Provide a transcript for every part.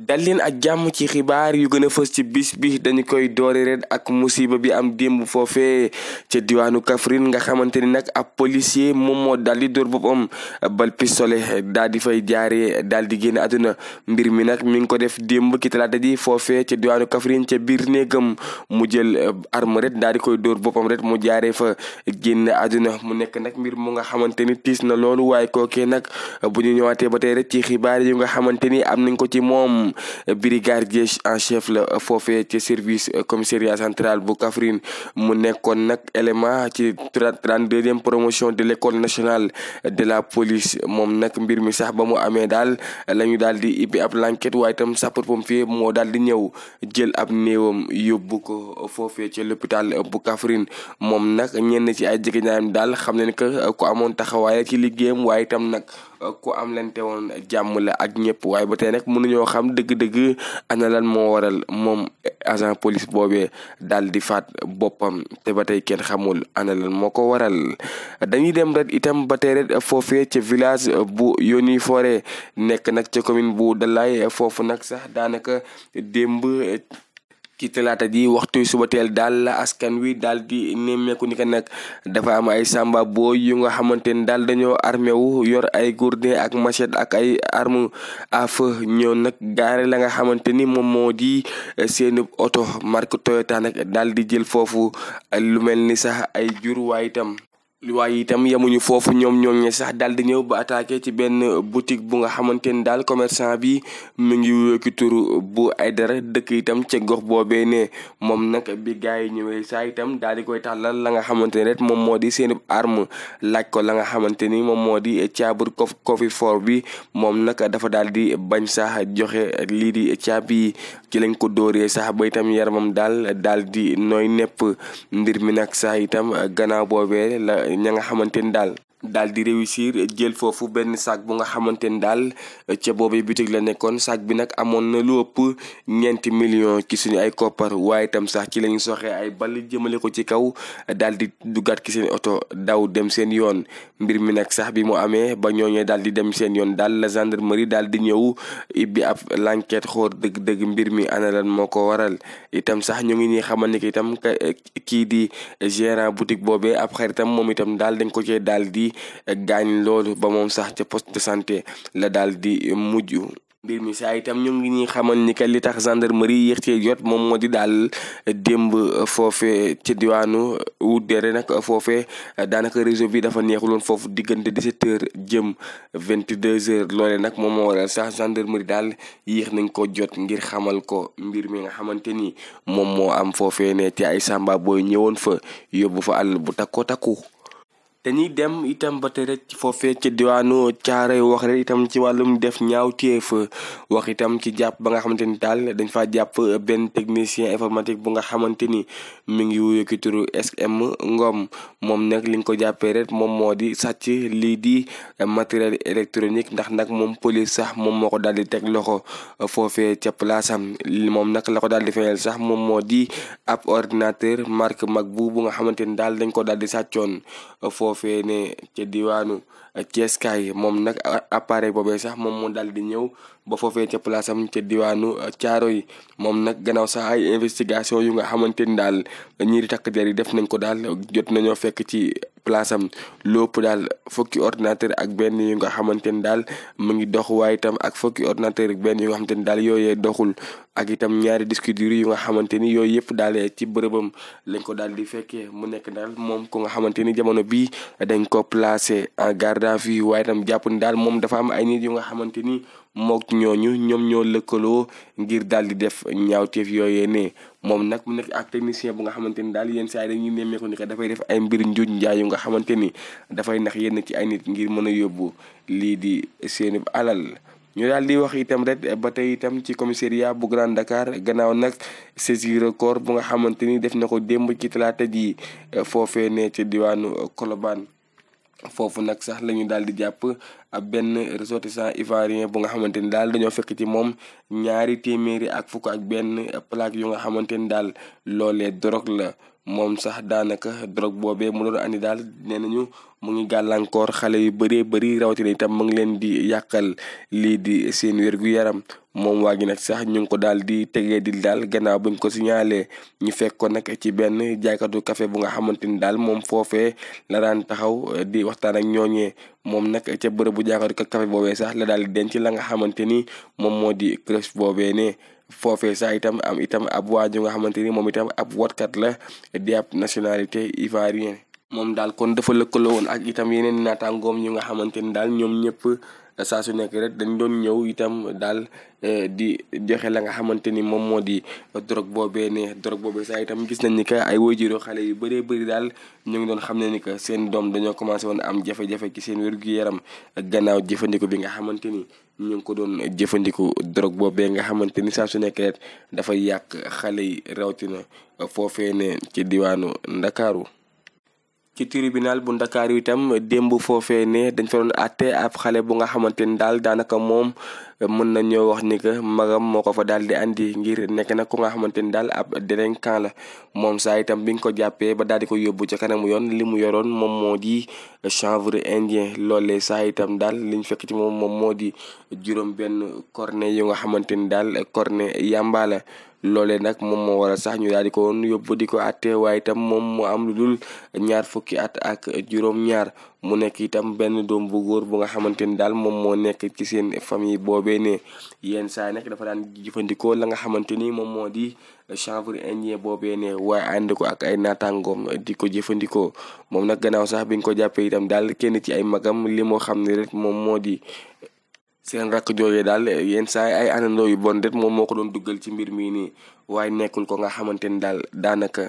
dal leen ak jàmm ci xibaar yu gën a fës ci bis bi dañu koy doore red ak musiba bi am démb foofee ca diwaanu Kaffrine nga xamante ni nag ab policier moom moo daal di dóor boppam bal pistolet daal di fay jaaree daal di génn àdduna mbir mi nag mi ngi ko def démb ki talaata ji foofee ca diwaanu kafrin ca biir néegam mu jël arme red di koy dóor boppam rek mu jaaree fa génn àdduna mu nekk nag mbir mu nga xamante ni tiis na loolu waaye kookee nag bu ñu ñëwaatee ba tey rek ci xibaar yu nga xamante ni am nañ ko ci moom moom brigadier en chef la foofee ci service commissariat central bu Kaffrine mu nekkoon nag élément ci trente deuxième promotion de l' nationale de la police moom nag mbir mi sax ba mu amee daal la ñu daal di ibbi ab l'enquête waaye itam sapeur fie moo daal di ñëw jël ab néewam yóbbu ko foofee ci l'hôpital bu Kaffrine moom nag ñenn ci ay jege ñaayam daal xam nañ que ku amoon taxawaay ci liggéeyam waaye itam nag ku am lente woon jàmm la ak ñëpp waaye ba tey nag mënuñoo dëgg-dëgg ana moo waral moom agent police boobee dal di faat boppam te ba tey kenn xamul ana moo ko waral dañuy dem rek itam ba tey rek foofee ca village bu Yoni Fore nekk nag ca commune bu Dalaye foofu nag sax daanaka démb ki talaata ji waxtu suba teel daal la askan wi daal di nemmeeku ni ko nag dafa am ay samba booy yu nga xamante ni daal dañoo armé yor ay gourdin ak machette ak ay arme à feu ñoo nag gaare la nga xamante ni moom moo di eh, seen oto marque Toyota daal di jël foofu lu mel ni sax ay jur waaye itam waaye itam yemuñu foofu ñoom ñoom ñi sax daal di ñëw ba attaqué ci benn boutique bu nga xamante ni daal commerçant bi mu ngi wékki turu bu ay dara dëkk itam ca gox boobee ne moom nag bi gars yi ñëwee sax itam daal di koy tàllal la nga xamante ni rek moom moo di seen arme laaj ko la nga xamante ni moom moo di caabur kof kofi bi moom nag dafa daal di bañ sax joxe lii di caab yi ci lañ ko dóoree sax ba itam yaramam daal daal di nooy nepp mbir mi nag sax itam gannaaw boobee ña nga xamante ni daal daal di réussir jël foofu benn saak bu nga xamante ni daal ca boobee bitig la nekkoon saak bi nag amoon na lu ëpp ñeenti million ci suñu ay koppar waaye itam sax ci la ñu soxee ay ball jëmale ko ci kaw daal di duggaat ki seen oto daw dem seen yoon mbir mi nag sax bi mu amee ba ñooñee daal di dem seen yoon daal la gendarmerie daal di ñëw ibbi ab lanquet xool dëgg-dëgg mbir mi ana lan moo ko waral itam sax ñu ngi ñuy xamal ni ki itam kii di gérant boutique boobee ab xaritam moom itam daal dañ ko cee daal di bi gaañ loolu ba moom sax ca poste de santé la daal di mujj mbir mi sax itam ñu ngi ñuy xamal ni que li tax gendarmerie yéex cee jot moom moo di daal démb foofe ci diwaanu dere nag foofe daanaka réseau bi dafa neexuloon foofu diggante 17 heures jëm 22 heures loole nag moom moo waral sax gendarmerie daal yéex nañ ko jot ngir xamal ko mbir mi nga xamante ni moom moo am foofe ne ci ay samba booy ñëwoon fa yóbbu fa àll bu takko takku. dañuy dem itam ba tey rek foofee ca diwaanu caaray wax rek itam ci wàllum def ñaaw téef wax itam ci jàpp ba nga xamante ni daal dañ fa jàpp benn technicien informatique bu nga xamante ni mi ngi wuyu ki turu SM Ngom moom nag li nga ko jàppee rek moom moo di sàcc lii di matériel électronique ndax nag moom police sax moom moo ko daal di teg loxo foofee ca place am moom nag la ko daal di feeñal sax moom moo di ab ordinateur marque MacBook bu nga xamante ni daal dañ ko daal di sàccoon foofee ne ca diwaanu Ceeskaay moom nag appareil boobee sax moom mu daal di ñëw ba foofee ca place am ca diwaanu caaro yi moom nag gannaaw sax ay investigation yu nga xamante ni daal ñii di yi def nañ ko daal jot nañoo fekk place am lopp daal fukki ordinateur ak benn yu nga xamante ni daal mu ngi dox waaye itam ak fokki ordinateur ak benn yu nga xamante ni daal yooyee doxul ak itam ñaari disque dur yu nga xamante ni yooyu yëpp daal ci bërëbam lañ ko daal di fekkee mu nekk daal moom ku nga xamante ni jamono bii dañ ko placé en garde à vue waaye itam jàpp ni daal moom dafa am ay nit yu nga xamante ni mook ñooñu ñoom ñoo lëkkaloo ngir daal di def ñaawteef yooyee ne moom nag mu nekk ak technicien bu nga xamante ni daal yenn saa yi dañuy nemmeeku ni que dafay def ay mbir njuuj njaay nga xamante ni dafay nax yenn ci ay nit ngir mën a yóbbu lii di seen alal. ñu daal di wax itam rek ba tey itam ci commissariat bu Grand Dakar gannaaw nag saisir corps bu nga xamante ni def na ko démb ci talaata ji foofee ne ci diwaanu Colobane. foofu nag sax lañu ñu daal di jàpp ab benn ressortissant ivoirien bu nga xamante ni daal dañoo fekk ci moom ñaari téeméeri ak fukk ak benn plaque yu nga xamante ni daal loolee drogue la moom sax daanaka drogue boobee mu doon andi daal nee nañu mu ngi gàllankoor xale yu bëree bëri rawatina itam mu ngi leen di yàqal lii di seen wér yaram moom waa gi nag sax ñu ngi ko daal di tegee di daal gannaaw buñ ko signalé ñu fekk ko nag ci benn jaaykatu café bu nga xamante ni daal moom foofee la daan taxaw eh, di waxtaan ak ñooñee moom nag ca bërëb bu jaaykatu boobee sax la daal di denc la nga xamante ni moom moo di crush boobee foofee saa itam am itam ab waaju nga xamante ni moom itam ab watkat la di ab nationalité ivoirienne moom daal kon dafa lëkkaloo woon ak itam yeneen naataangoom ñu nga xamante ni daal ñoom ñëpp saa su nekk rek dañ doon ñëw itam daal eh, di joxe la nga xamante ni moom moo di drogue boobee ne drogue boobee sax itam gis nañ ni que ay waajuru xale yu bëree bëri daal ñoo ngi doon xam ne ni que seen doom dañoo commencé woon am jafe-jafe ci seen wér-gu-yaram gannaaw jëfandiku bi nga xamante ni ñu ngi ko doon jëfandiku drogue boobee nga xamante ni saa su nekk rek dafay yàq xale yi rawatina foofee ci diwaanu Ndakaaru ci tribunal bu ndakaaru itam démb foofee ne dañ fa doon ab xale bu nga xamante ni daal daanaka moom mën nañoo wax ni que magam moo ko fa daal di andi ngir nekk nag ku nga xamante ni daal ab délinquant la moom saa itam bi nga ko jàppee ba daal di ko yóbbu ca kanamu yoon li mu yoroon moom moo di chanvre indien loolee saa itam daal liñ fekk ci moom moom moo di juróom benn cornet yu nga xamante ni daal cornet yàmba loolee nag moom moo waral sax ñu daal di ko woon yóbbu di ko àtte waaye itam moom mu am lu dul ñaar fukki at ak juróom-ñaar mu nekk itam benn doom bu góor bu nga xamante ni daal moom moo nekk ci seen famille boobee ne yenn saa nekk dafa daan jëfandikoo la nga xamante ni moom moo di chanvre indien boobee ne waaye ànd ko ak ay naataangoom di ko jëfandikoo moom nag gannaaw sax bi ñu ko jàppee itam daal kenn ci ay magam li moo xam ne rek moom moo di seen rakk joojee daal yenn saa ay anandoo yu bon det moom moo ko doon duggal ci mbir mii nii waaye nekkul ko nga xamante ni daal daanaka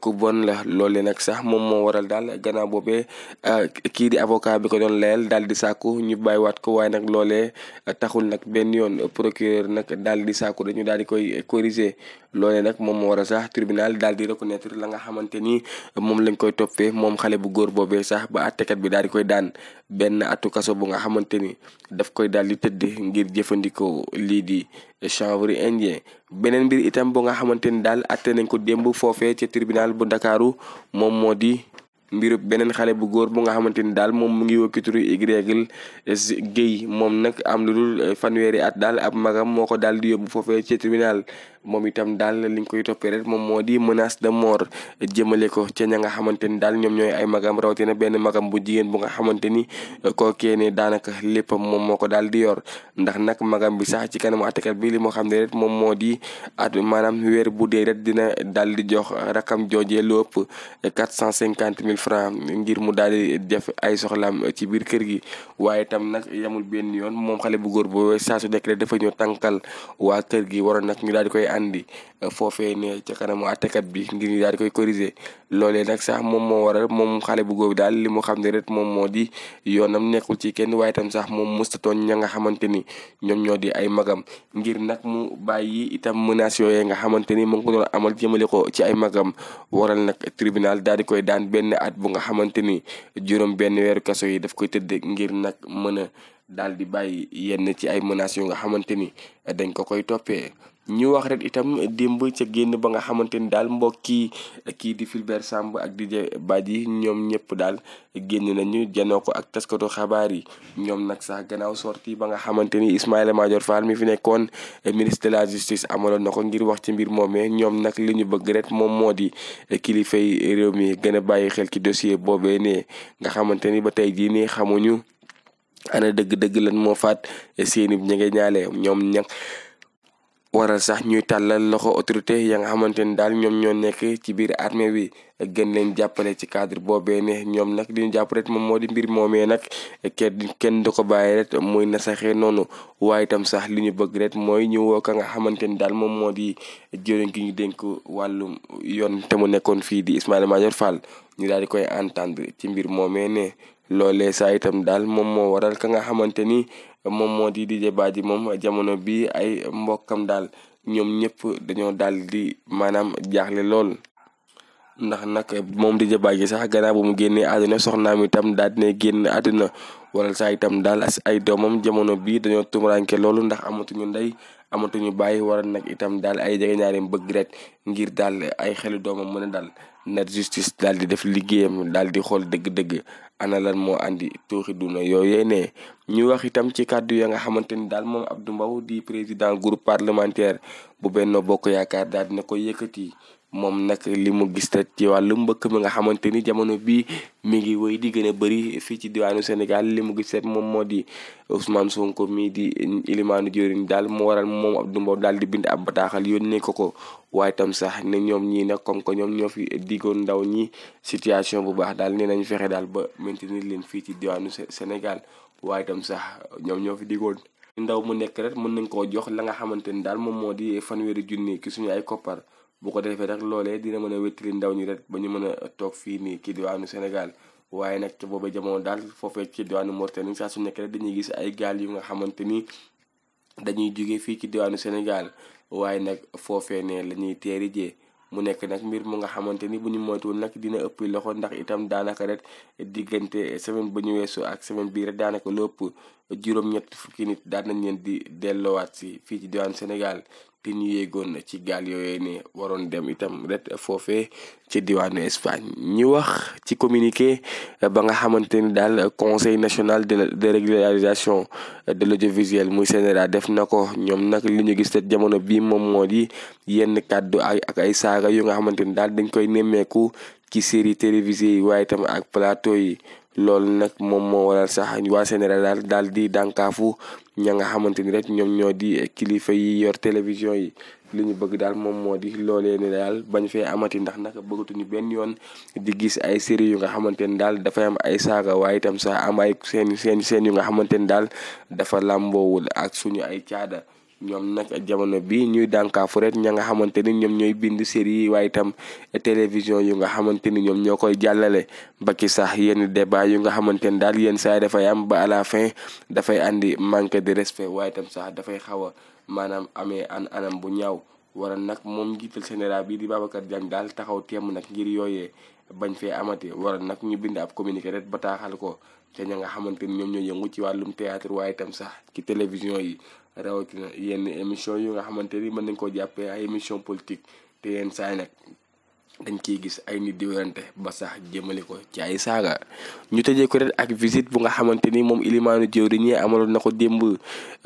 ku bon la loole nag sax moom moo waral daal gannaaw boobee ah, kii di avocat bi ko doon layal daal di sàkku ñu bàyyiwaat ko waaye nag loolee taxul nag benn yoon procureur nag daal di sàkku dañu daal di koy corriger loole nag moom moo waral sax tribunal daal di reconnaître la nga xamante ni moom lañ koy toppee moom xale bu góor boobee sax ba a àttekat bi daal di koy daan benn atu kaso bu nga xamante ni daf koy daal di tëdd ngir jëfandikoo lii di chanvre indien beneen mbir itam bu nga xamante ni daal atte nañ ko démb foofee ca tribunal bu ndakaaru moom moo di mbirub beneen xale bu góor bu nga xamante ni daal moom mu ngi wëkki turu Yrégle Guèye moom nag am lu dul eh, fanweeri at daal am magam moo ko daal di yóbbu foofee ca tribunal moom itam daal liñ koy toppee rek moom moo di menace de moor jëmale ko ca ña nga xamante ni daal ñoom ñooy ay magam rawatina benn magam bu jigéen bu nga xamante ni kookee ne daanaka léppam moom moo ko daal di yor ndax nag magam bi sax ci kanamu attakat bi li moo xam ne rek moom moo di at maanaam weer bu dee rek dina daal di jox rakam jooje lu ëpp quatre cent cinquante mille francs ngir mu daal di def ay soxlaam ci biir kër gi waaye tam nag yamul benn yoon moom xale bu góor bu saa su dafa ñëw tànkal waa kër gi waroon nag ñu daal di koy andi euh, foofee ne ca kanamu àttekat bi ngir ñu daal di koy corriger loolee nag sax moom moo waral moom xale bu góor bi daal li mu xam ne rek moom moo di yoonam nekkul ci kenn waaye itam sax moom mustatoon ña nga xamante ni ñoom ñoo di ay magam ngir nag mu bàyyi itam menaces yooyee nga xamante ni mu ngi ko doon amal jëmale ko ci ay magam waral nag tribunal daal di koy daan benn at bu nga xamante ni juróom benn weeru kaso yi daf koy tëdd ngir nag mën a daal di bàyyi yenn ci ay menaces yu nga xamante ni dañ ko koy toppee ñu wax rek itam dimb ca génn ba nga xamante ni daal mbokki kii di Fulbert Samb ak di Didier Badji ñoom ñëpp daal génn nañu janoo ko ak taskatu xabaar yi ñoom nag sax gannaaw sorti ba nga xamante ni Ismaïla Madior Fall mi fi nekkoon ministre de la justice amaloon na ko ngir wax ci mbir moomee ñoom nag li ñu bëgg rek moom moo di kilifay réew mi gën a bàyyi xel ci dossier boobee ne nga xamante ni ba tey jii nii xamuñu ana dëgg-dëgg lan moo faat seen i ñi nga ñaale ñoom ñag waral sax ñuy tàllal loxo autorité ya nga xamante ni daal ñoom ñoo nekk ci biir armée wi gën leen jàppale ci cadre boobee ne ñoom nag diñu jàpp rek moom moo di mbir moomee nag kenn kenn du ko bàyyi rek muy na saxee noonu waaye itam sax li ñu bëgg rek mooy ñu woo ka nga xamante ni daal moom moo di jëriñ gi ñu dénk wàllum yoon te mu nekkoon fii di Ismaïla Madior Fall ñu daal di koy entendre ci mbir moomee ne loolee saa itam daal moom moo waral ka nga xamante ni moom moo di DJ Badji moom jamono bi ay mbokkam daal ñoom ñëpp dañoo daal di maanaam jaaxle lool. ndax nag moom DJ Badji sax gannaaw bu mu génnee àdduna soxnaam itam daal ne génn àdduna wala saa itam daal ay doomam jamono bii dañoo tumuranke loolu ndax amatuñu ndey amatuñu bàyyi waral nag itam daal ay jegeñaaleem bëgg rek ngir daal ay xelu doomam mën a daal. nar justice daal di def liggéeyam daal di xool dëgg-dëgg analan lan moo andi tooxi duna yooyee ne ñu wax itam ci kàddu ya nga xamante ni daal moom Abdou Mbow di président groupe parlementaire bu Benno Bokk Yaakaar daal dina ko yëkkati moom nag li mu gis te ci wàllu mbëkk mi nga xamante ni jamono bii mi ngi woy di gën a bëri fii ci diwaanu Sénégal li mu gis te moom moo di Ousmane Sonko mii di ilimaanu jëriñ daal mu waral moom Abdou daal di bind ab bataaxal yónnee ko ko waaye tam sax ne ñoom ñii nag comme que ñoo fi diggoon ndaw ñi situation bu baax daal nee nañ fexe daal ba maintenir leen fii ci diwaanu Sénégal waaye tam sax ñoom ñoo fi diggoon. ndaw mu nekk rek mën nañ koo jox la nga xamante ni daal moom moo di fanweeri junni ki suñu ay koppar bu ko defee rek loolee dina mën a wéttali ndaw ñi rek ba ñu mën a toog fii nii kii diwaanu Sénégal waaye nag ca booba jamono daal foofee ci diwaanu Mauritanie saa su nekk dañuy gis ay gaal yu nga xamante ni dañuy jóge fii ci diwaanu Sénégal waaye nag foofee ne la ñuy teeri mu nekk nag mbir mu nga xamante ni bu ñu moytuwul nag dina ëpp loxo ndax itam daanaka rek diggante semaine ba ñu ak semaine bii rek daanaka lu ëpp juróom-ñett fukki nit daan nañ leen di dellowaat si fii ci diwaanu Sénégal li ñu yéegoon ci gaal yooyu ne waroon dem itam ret foofee ci diwaanu Espagne ñi wax ci communiquer ba nga xamante ni daal conseil national de de régularisation de l'audiovisuel muy CNRA def na ko ñoom nag li ñu gis te jamono bii moom moo di yenn kàddu ak ay saaga yu nga xamante ni daal dañ koy nemmeeku ci série télévisée yi waaye itam ak plateau yi loolu nag moom moo waral sax waa Sénégal daal daal di dànkaafu ña nga xamante ni rek ñoom ñoo di kilifa yi yor télévision yi li ñu bëgg daal moom moo di loolee ne daal bañ fee amati ndax nag bëggatuñu benn yoon di gis ay série yu nga xamante ni daal dafay am ay saaga waaye itam sax am ay seen seen seen yu nga xamante ni daal dafa làmboowul ak suñu ay caada ñoom nag jamono bi ñuy dànkaafu rek ña nga xamante ni ñoom ñooy bind série yi waaye itam télévision yu nga xamante ni ñoom ñoo koy jàllale ba sax yenn débat yu nga xamante ni daal yenn saa dafay am ba à fin dafay andi manque de respect waaye itam sax dafay xaw a maanaam amee an anam bu ñaaw waral nag moom njiital général bi di Babacar Diagne daal taxaw temm nag ngir yooyee bañ fee amati wara nag ñu bind ab communiqué rek bataaxal ko ca ña nga xamante ni ñoom ñoo yëngu ci wàllum théâtre waaye itam sax ci télévision yi rawatina yenn émission yu nga xamante ni mën nañ koo jàppee ay émission politique te yenn saay nag dañ ciy gis ay ni di werante ba sax jëmale ko ci ay saaga ñu tëjee ko ret ak visite bu nga xamante ni moom ilimaanu jëwriñ yi amaloon na ko démb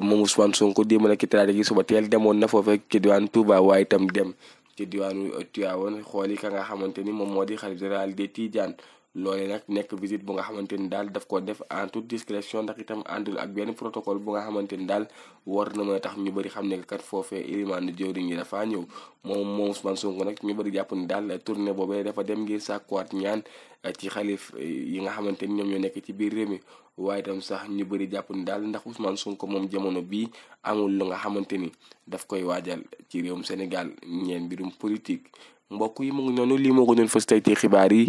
moom Ousmane Sonko démb na ki talaata gi suba teel demoon na foofee ci diwaan Touba waaye itam dem ci diwaanu Tivaouane xool yi ka nga xamante ni moom moo di xalifa général des Tidianes loole nag nekk visite bu nga xamante ni daal daf ko def en toute discrétion ndax itam àndul ak benn protocole bu nga xamante ni daal war na tax ñu bëri xam ne kat foofee ilimaanu jëwriñ yi dafa ñëw moom moom Ousmane Sonko nag ñu bëri jàpp ni daal tournée boobee dafa dem ngir sàkkuwaat ñaan eh, ci xalif eh, yi nga xamante ni ñoom ñoo nekk ci biir réew mi waaye itam sax ñu bëri jàpp ni daal ndax Ousmane Sonko moom jamono bii amul lu nga xamante ni daf koy waajal ci réewum Sénégal ñeen mbirum politique mbokk yi mu noonu lii moo ko doon fës tey ci xibaar yi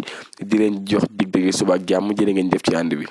di leen jox dig dëgg suba ak jàmm jërë ngeen jëf ci ànd bi.